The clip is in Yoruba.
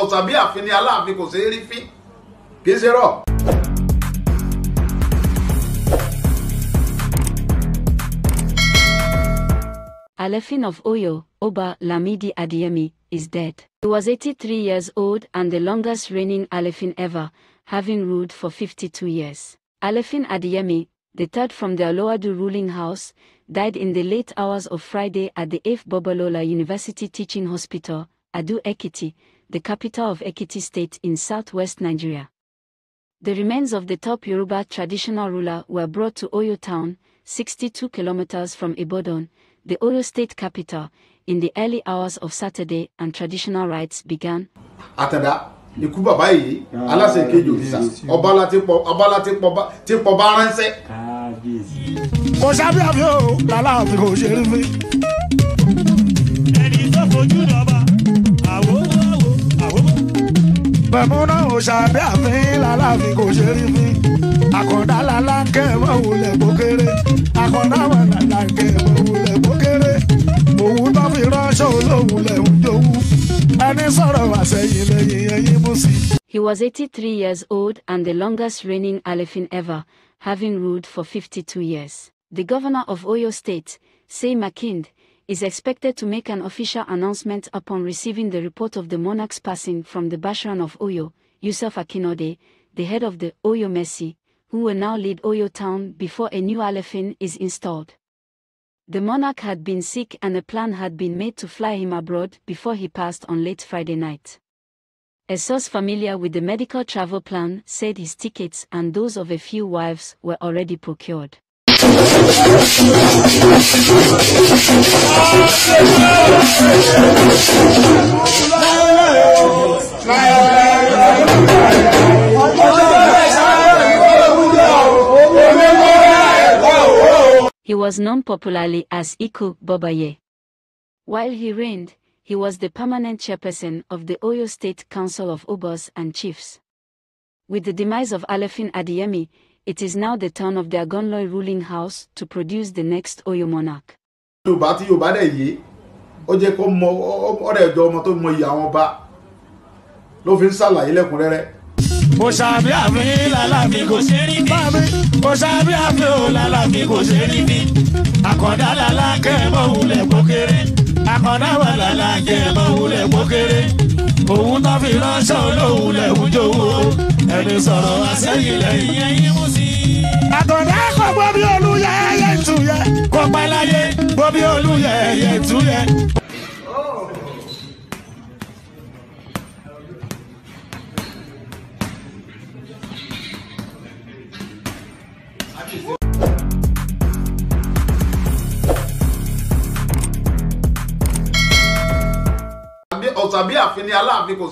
ọ̀sàbí kò rí kì ṣe rọ̀. Alefin of Oyo, Oba Lamidi Adeyemi, is dead. He was 83 years old and the longest reigning Alefin ever, having ruled for 52 years. Alefin Adeyemi, the third from the Aloadu ruling house, died in the late hours of Friday at the F. Bobolola University Teaching Hospital, Adu Ekiti, the capital of Ekiti State in southwest Nigeria. The remains of the top Yoruba traditional ruler were brought to Oyo town, 62 kilometers from Ibadan, the Oyo state capital, in the early hours of Saturday and traditional rites began. After that, bàbá yìí aláṣẹ kejì òrìṣà ọba you ti pọ ọba ńlá ti pọ bá ránṣẹ́. kò sábẹ́ àbí o làlá àbí kò ṣe é kò bókéré wà bókéré fi sọ̀rọ̀ wà He was 83 years old and the longest reigning Alefin ever, having ruled for 52 years. The governor of Oyo State, Say Makind, is expected to make an official announcement upon receiving the report of the monarch's passing from the Basharan of Oyo, Yusuf Akinode, the head of the Oyo Messi, who will now lead Oyo town before a new alafin is installed. The monarch had been sick and a plan had been made to fly him abroad before he passed on late Friday night. A source familiar with the medical travel plan said his tickets and those of a few wives were already procured. He was known popularly as Iku Bobaye. While he reigned, he was the permanent chairperson of the Oyo State Council of Ubos and Chiefs. With the demise of Alefin Adiyemi, it is now the turn of the Agonloy ruling house to produce the next Oyo monarch. Yorùbá tí Yorùbá dẹ̀ yé ó jẹ́ kó mọ ọ̀rẹ́ ẹ̀jọ́ ọmọ tó mọ iye àwọn ọba ló fi ń ṣàlàyé lẹ́kùnrẹ́rẹ́. Kò sàbí àfin lálàbí kò ṣe rí bí. Kò sàbí àfin ò lálàbí kò ṣe rí bí. Àkàndá lálá kẹ́ mọ́ wulẹ̀ kó kéré. wà lálá kẹ́ mọ́ wulẹ̀ kó Òun tó fi ránṣẹ́ olówó lẹ̀ ń ẹni sọ̀rọ̀ àṣẹ́yìn lẹ́yìn ẹ̀yìn mú sí. àgọ̀dá kò gbọ́ bí olúyẹ ẹyẹ ìtúyẹ kò pẹ́ láyé gbọ́ bí olúyẹ ẹyẹ ìtúyẹ. tàbí àfin ni aláàfin kò